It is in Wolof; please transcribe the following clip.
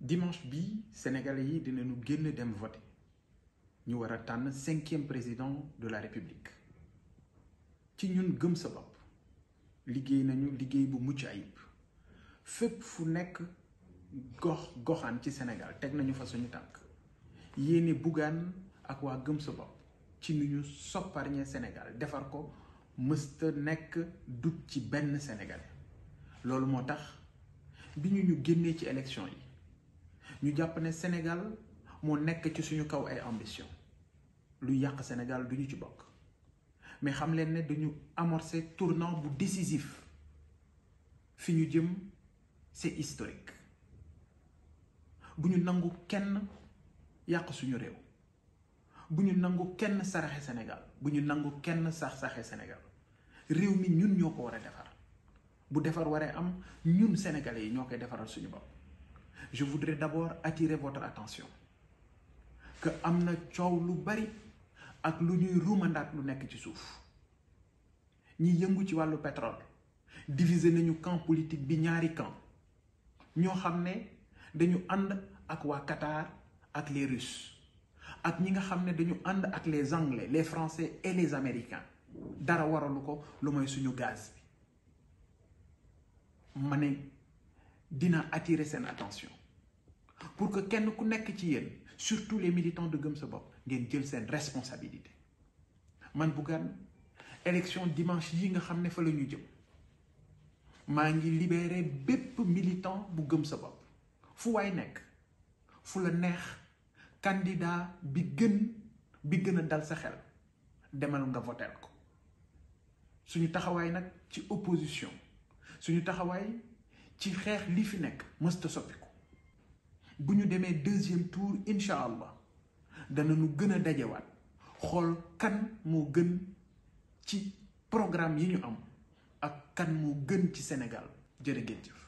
dimanche bi sénégalais yi ñu génn dem voter ñu war a tànn cinquième président de la république ci ñun gëm sa bopp liggéey nañu liggéey bu mucc ayib fépp fu nekk gox goxaan ci Sénégal teg nañu fa suñu tànk yéene Bougane ak waa gëm sa bopp ci nu ñu sopparñee Sénégal defar ko mësta nekk dut ci benn Sénégalais loolu moo tax bi ñu ñu génnee ci élection yi ñu jàpp ne Sénégal moo nekk ci suñu kaw ay ambition lu yàq Sénégal du ñu ci bokk mais xam leen ne dañu amorcer tournant bu décisif fi ñu jëm c'est historique bu ñu nangu kenn yàq suñu réew bu ñu nangu kenn saraxe Sénégal bu ñu nangu kenn sax-saxe Sénégal réew mi ñun ñoo ko war a defar bu defar waree am ñun sénégalais yi ñoo koy defaral suñu bopp je voudrais d'abord attirer votre attention que Amna bari ak lu ñuy lu ci ñi pétrole diviser nañu camp politique bi ñaari camp dañu Qatar ak les Russes ak ñi nga xamné dañu les les Français et les Américains dara lu gaz dina attirer sen attention pour que kenn ku nek ci yéen surtout les militants de gëm sa bopp ngeen jël sen responsabilité man gan élection dimanche yi nga xamné fa lañu jëm ma ngi libéré bép militant bu gëm sa bopp fu nek, nekk fu la neex candidat bi gën bi gëna dal sa xel demal nga voter ko suñu taxaway nak ci opposition suñu taxaway ci xeex li fi nekk mësta soppiku bu ñu demee deuxième tour incha allah danañu gën a dajewaat xool kan moo gën ci programme yi ñu am ak kan moo gën ci Sénégal jërë ngeen